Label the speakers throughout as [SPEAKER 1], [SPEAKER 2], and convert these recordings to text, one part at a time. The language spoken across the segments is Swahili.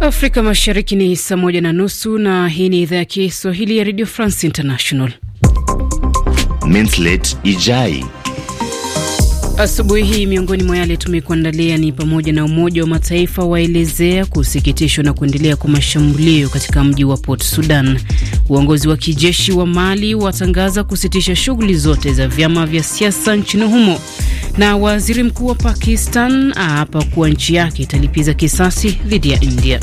[SPEAKER 1] Afrika Mashariki ni saa moja na nusu na hii ni idhaa ya Kiswahili ya Radio France International.
[SPEAKER 2] Mintlet Ijai.
[SPEAKER 1] Asubuhi hii miongoni mwa yale tumekuandalia ni pamoja na Umoja wa Mataifa waelezea kusikitishwa na kuendelea kwa mashambulio katika mji wa Port Sudan. Uongozi wa kijeshi wa Mali watangaza kusitisha shughuli zote za vyama vya siasa nchini humo. Na waziri mkuu wa Pakistan aapa kuwa nchi yake italipiza kisasi dhidi ya India.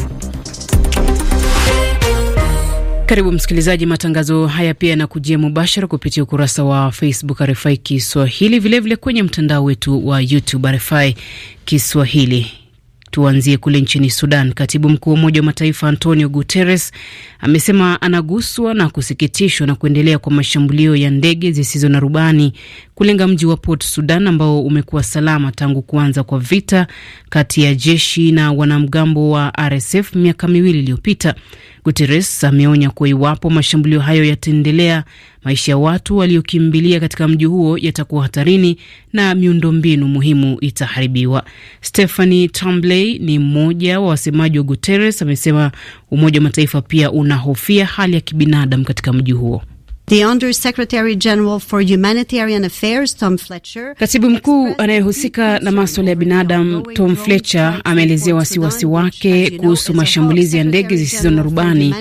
[SPEAKER 1] Karibu msikilizaji, matangazo haya pia yanakujia mubashara kupitia ukurasa wa Facebook RFI Kiswahili, vilevile vile kwenye mtandao wetu wa YouTube RFI Kiswahili. Tuanzie kule nchini Sudan. Katibu mkuu wa Umoja wa Mataifa Antonio Guterres amesema anaguswa na kusikitishwa na kuendelea kwa mashambulio ya ndege zisizo na rubani kulenga mji wa Port Sudan ambao umekuwa salama tangu kuanza kwa vita kati ya jeshi na wanamgambo wa RSF miaka miwili iliyopita. Guterres ameonya kuwa iwapo mashambulio hayo yataendelea maisha ya watu waliokimbilia katika mji huo yatakuwa hatarini na miundombinu muhimu itaharibiwa. stephani Tambley ni mmoja wa wasemaji wa guteres amesema Umoja wa Mataifa pia unahofia hali ya kibinadamu katika mji huo.
[SPEAKER 3] The Secretary General for Humanitarian Affairs, Tom Fletcher, katibu mkuu
[SPEAKER 1] anayehusika na maswala ya binadamu Tom Fletcher ameelezea wasiwasi wake kuhusu mashambulizi ya ndege zisizo na rubani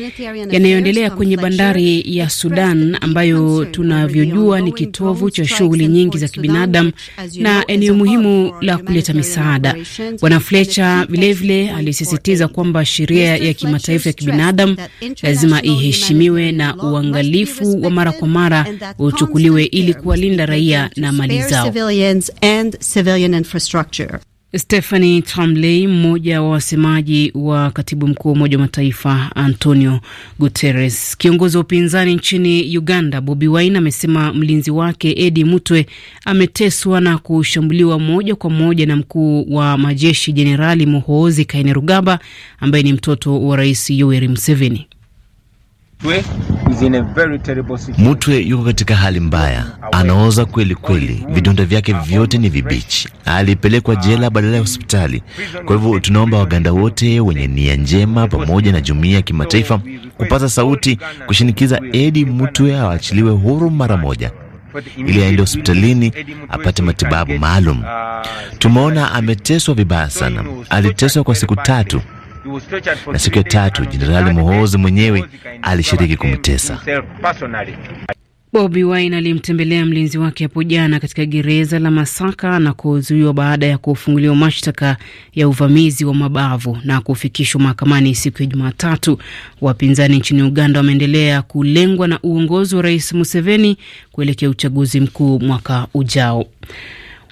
[SPEAKER 1] yanayoendelea kwenye bandari ya Sudan ambayo tunavyojua ni kitovu cha shughuli nyingi za kibinadamu na eneo muhimu la kuleta misaada. Bwana Fletcher vilevile alisisitiza kwamba sheria ya kimataifa ya kibinadamu lazima iheshimiwe na uangalifu wa mara kwa mara uchukuliwe ili kuwalinda raia na mali zao. Stephanie Tremblay, mmoja wa wasemaji wa katibu mkuu wa Umoja wa Mataifa Antonio Guterres. Kiongozi wa upinzani nchini Uganda Bobi Wine amesema mlinzi wake Edi Mutwe ameteswa na kushambuliwa moja kwa moja na mkuu wa majeshi Jenerali Muhoozi Kainerugaba ambaye ni mtoto wa Rais Yoweri Museveni.
[SPEAKER 2] Mutwe yuko katika hali mbaya, anaoza kweli kweli, vidonda vyake vyote ni vibichi. Alipelekwa jela badala ya hospitali. Kwa hivyo tunaomba Waganda wote wenye nia njema pamoja na jumuiya ya kimataifa kupaza sauti kushinikiza Edi Mutwe awachiliwe huru mara moja
[SPEAKER 4] ili aende hospitalini
[SPEAKER 2] apate matibabu maalum. Tumeona ameteswa vibaya sana, aliteswa kwa siku tatu. Na siku ya tatu Jenerali Muhoozi mwenyewe alishiriki kumtesa.
[SPEAKER 1] Bobi Wine alimtembelea mlinzi wake hapo jana katika gereza la Masaka na kuzuiwa baada ya kufunguliwa mashtaka ya uvamizi wa mabavu na kufikishwa mahakamani siku ya Jumatatu. Wapinzani nchini Uganda wameendelea kulengwa na uongozi wa Rais Museveni kuelekea uchaguzi mkuu mwaka ujao.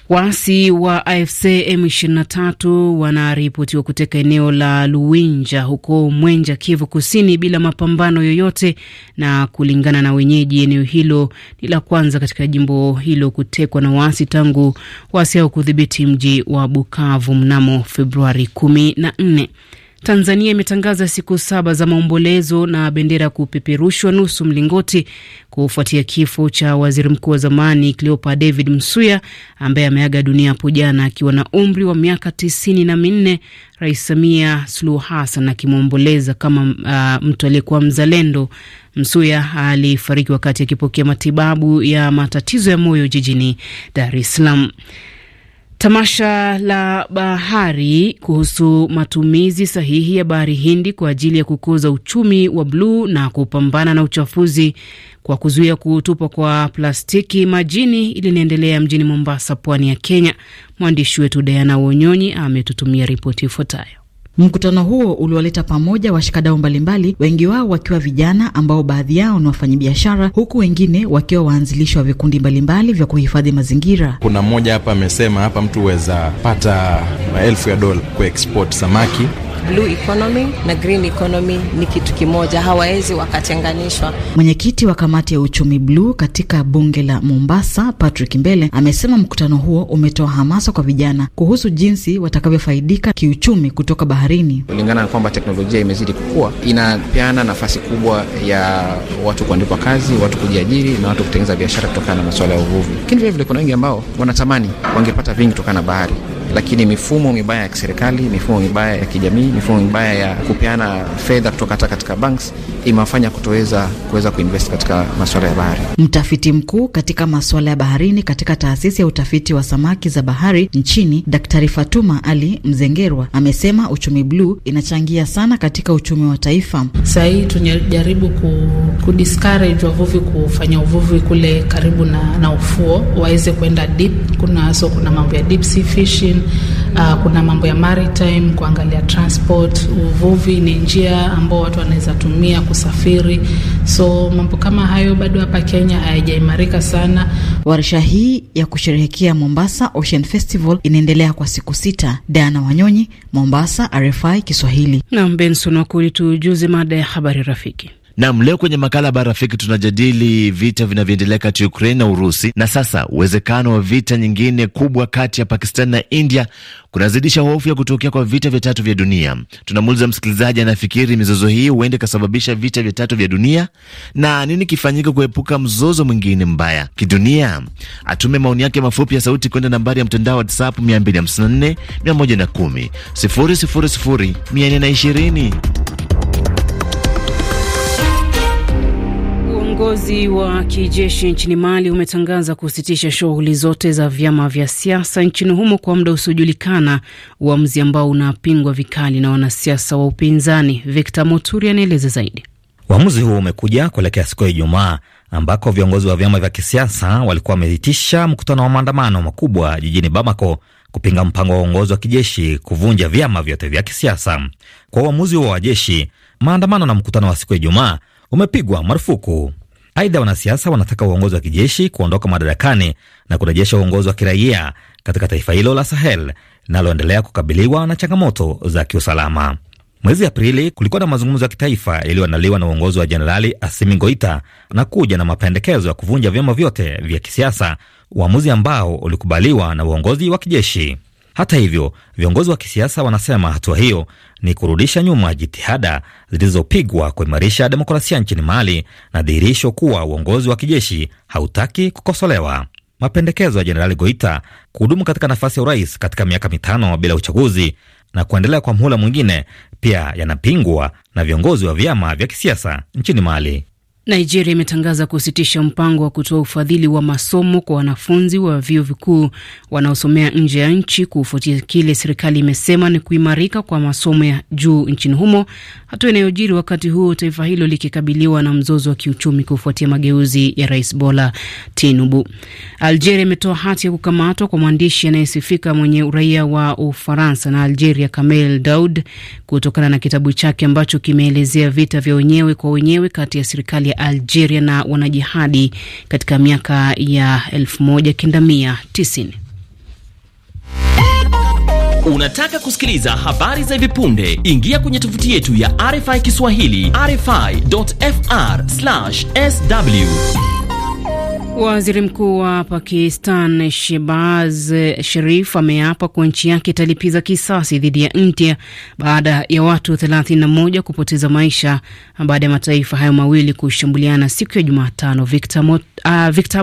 [SPEAKER 1] Waasi wa AFC M23 wanaripotiwa kuteka eneo la Luwinja huko Mwenja, Kivu Kusini, bila mapambano yoyote, na kulingana na wenyeji, eneo hilo ni la kwanza katika jimbo hilo kutekwa na waasi tangu waasi hao kudhibiti mji wa Bukavu mnamo Februari 14. Tanzania imetangaza siku saba za maombolezo na bendera kupeperushwa nusu mlingoti kufuatia kifo cha waziri mkuu wa zamani Cleopa David Msuya ambaye ameaga dunia hapo jana akiwa na umri wa miaka tisini na minne. Rais Samia Suluhu Hassan akimwomboleza kama uh, mtu aliyekuwa mzalendo. Msuya alifariki wakati akipokea matibabu ya matatizo ya moyo jijini Dar es Salaam. Tamasha la bahari kuhusu matumizi sahihi ya bahari Hindi kwa ajili ya kukuza uchumi wa bluu na kupambana na uchafuzi kwa kuzuia kutupwa kwa plastiki majini ilinaendelea mjini Mombasa, pwani ya Kenya.
[SPEAKER 5] Mwandishi wetu Diana Wonyonyi ametutumia ripoti ifuatayo. Mkutano huo uliwaleta pamoja washikadau mbalimbali, wengi wao wakiwa vijana ambao baadhi yao ni wafanyabiashara, huku wengine wakiwa waanzilishi wa vikundi mbalimbali vya kuhifadhi mazingira.
[SPEAKER 3] Kuna mmoja hapa amesema hapa mtu huweza pata maelfu ya dola kuexport samaki
[SPEAKER 5] blue economy na green economy ni kitu kimoja, hawawezi wakatenganishwa. Mwenyekiti wa kamati ya uchumi bluu katika bunge la Mombasa, Patrick Mbele, amesema mkutano huo umetoa hamasa kwa vijana kuhusu jinsi watakavyofaidika kiuchumi kutoka baharini,
[SPEAKER 3] kulingana na kwamba teknolojia imezidi kukua, inapeana nafasi kubwa ya watu kuandikwa kazi, watu kujiajiri na watu kutengeneza biashara kutokana na masuala ya uvuvi. Lakini vilevile kuna wengi ambao wanatamani wangepata vingi kutokana na bahari lakini mifumo mibaya ya kiserikali, mifumo mibaya ya kijamii, mifumo mibaya ya kupeana fedha kutoka hata katika banks imewafanya kutoweza kuweza kuinvest katika masuala ya bahari.
[SPEAKER 5] Mtafiti mkuu katika masuala ya baharini katika taasisi ya utafiti wa samaki za bahari nchini, Daktari Fatuma Ali Mzengerwa amesema uchumi bluu inachangia sana katika uchumi wa taifa. sahii tunajaribu ku, ku discourage wavuvi kufanya uvuvi kule karibu na, na ufuo waweze kwenda deep. Kuna so kuna mambo ya deep sea fishing Uh, kuna mambo ya maritime, kuangalia transport. Uvuvi ni njia ambao watu wanaweza tumia kusafiri, so mambo kama hayo bado hapa Kenya hayajaimarika sana. Warsha hii ya kusherehekea Mombasa Ocean Festival inaendelea kwa siku sita. Diana Wanyonyi, Mombasa, RFI Kiswahili. Na Benson Wakuli, tujuze mada ya habari rafiki.
[SPEAKER 2] Nam, leo kwenye makala ya Bara Rafiki tunajadili vita vinavyoendelea kati ya Ukraini na Urusi, na sasa uwezekano wa vita nyingine kubwa kati ya Pakistani na India kunazidisha hofu ya kutokea kwa vita vya tatu vya dunia. Tunamuuliza msikilizaji anafikiri mizozo hii huenda ikasababisha vita vya tatu vya dunia na nini kifanyike kuepuka mzozo mwingine mbaya kidunia. Atume maoni yake mafupi ya sauti kwenda nambari ya mtandao WhatsApp 254 110 000 420.
[SPEAKER 1] Uongozi wa kijeshi nchini Mali umetangaza kusitisha shughuli zote za vyama vya siasa nchini humo kwa muda usiojulikana, uamuzi ambao unapingwa vikali na wanasiasa wa upinzani. Victor Moturi anaeleza zaidi.
[SPEAKER 4] Uamuzi huo umekuja kuelekea siku ya Ijumaa ambako viongozi wa vyama vya kisiasa walikuwa wameitisha mkutano wa maandamano makubwa jijini Bamako kupinga mpango wa uongozi wa kijeshi kuvunja vyama vyote vya kisiasa. Kwa uamuzi huo wa jeshi, maandamano na mkutano wa siku ya Ijumaa umepigwa marufuku. Aidha, wanasiasa wanataka uongozi wa kijeshi kuondoka madarakani na kurejesha uongozi wa kiraia katika taifa hilo la Sahel linaloendelea kukabiliwa na changamoto za kiusalama. Mwezi Aprili kulikuwa na mazungumzo ya kitaifa yaliyoandaliwa na uongozi wa Jenerali Asimi Goita na kuja na mapendekezo ya kuvunja vyama vyote vya kisiasa, uamuzi ambao ulikubaliwa na uongozi wa kijeshi. Hata hivyo, viongozi wa kisiasa wanasema hatua hiyo ni kurudisha nyuma jitihada zilizopigwa kuimarisha demokrasia nchini Mali na dhihirisho kuwa uongozi wa kijeshi hautaki kukosolewa. Mapendekezo ya Jenerali Goita kuhudumu katika nafasi ya urais katika miaka mitano bila uchaguzi na kuendelea kwa mhula mwingine pia yanapingwa na viongozi wa vyama vya kisiasa nchini Mali.
[SPEAKER 1] Nigeria imetangaza kusitisha mpango wa kutoa ufadhili wa masomo kwa wanafunzi wa vyuo vikuu wanaosomea nje ya nchi kufuatia kile serikali imesema ni kuimarika kwa masomo ya juu nchini humo, hatua inayojiri wakati huo taifa hilo likikabiliwa na mzozo wa kiuchumi kufuatia mageuzi ya Rais Bola Tinubu. Algeria imetoa hati ya kukamatwa kwa mwandishi anayesifika mwenye uraia wa Ufaransa na Algeria, Kamel Daud, kutokana na kitabu chake ambacho kimeelezea vita vya wenyewe kwa wenyewe kati ya serikali Algeria na wanajihadi katika miaka ya 1990.
[SPEAKER 2] Unataka kusikiliza habari za hivi punde? Ingia kwenye tovuti yetu ya
[SPEAKER 1] RFI Kiswahili, rfi.fr/sw. Waziri mkuu wa Pakistan Shehbaz Sharif ameapa kuwa nchi yake italipiza kisasi dhidi ya India baada ya watu 31 kupoteza maisha baada ya mataifa hayo mawili kushambuliana siku ya Jumatano. Victor,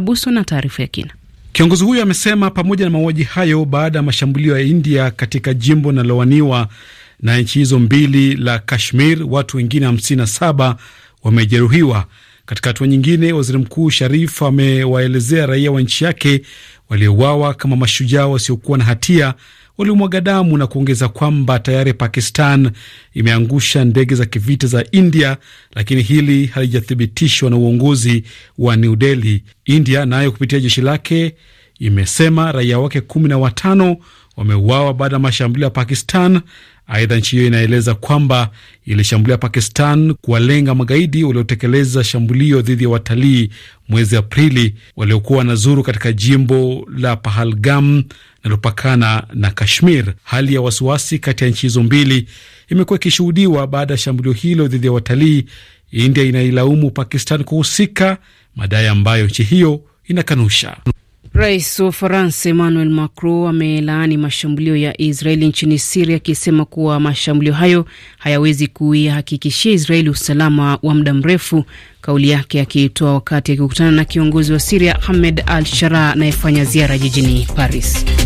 [SPEAKER 1] uh, na taarifa ya kina.
[SPEAKER 3] Kiongozi huyo amesema pamoja na mauaji hayo baada ya mashambulio ya India katika jimbo linalowaniwa na, na nchi hizo mbili la Kashmir, watu wengine 57 wamejeruhiwa. Katika hatua nyingine, waziri mkuu Sharif amewaelezea raia wa nchi yake waliouawa kama mashujaa wasiokuwa na hatia waliomwaga damu na kuongeza kwamba tayari Pakistan imeangusha ndege za kivita za India, lakini hili halijathibitishwa na uongozi wa New Delhi. India nayo na kupitia jeshi lake imesema raia wake kumi na watano wameuawa baada ya mashambulio ya Pakistan Aidha, nchi hiyo inaeleza kwamba ilishambulia Pakistan kuwalenga magaidi waliotekeleza shambulio dhidi ya watalii mwezi Aprili waliokuwa wanazuru katika jimbo la Pahalgam linalopakana na Kashmir. Hali ya wasiwasi kati ya nchi hizo mbili imekuwa ikishuhudiwa baada ya shambulio hilo dhidi ya watalii. India inailaumu Pakistan kuhusika, madai ambayo nchi hiyo inakanusha.
[SPEAKER 1] Rais wa Ufaransa Emmanuel Macron amelaani mashambulio ya Israeli nchini Siria akisema kuwa mashambulio hayo hayawezi kuihakikishia Israeli usalama wa muda mrefu, kauli yake akiitoa wakati akikutana na kiongozi wa Siria Ahmed al Shara anayefanya ziara jijini Paris.